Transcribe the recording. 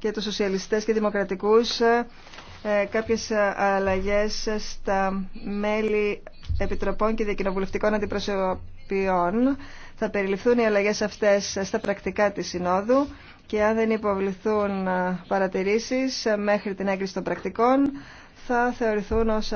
και τους σοσιαλιστές και δημοκρατικούς ε, κάποιες αλλαγές στα μέλη επιτροπών και διακοινοβουλευτικών αντιπροσωπιών. Θα περιληφθούν οι αλλαγές αυτές στα πρακτικά της Συνόδου και αν δεν υποβληθούν παρατηρήσεις μέχρι την έγκριση των πρακτικών θα θεωρηθούν ως...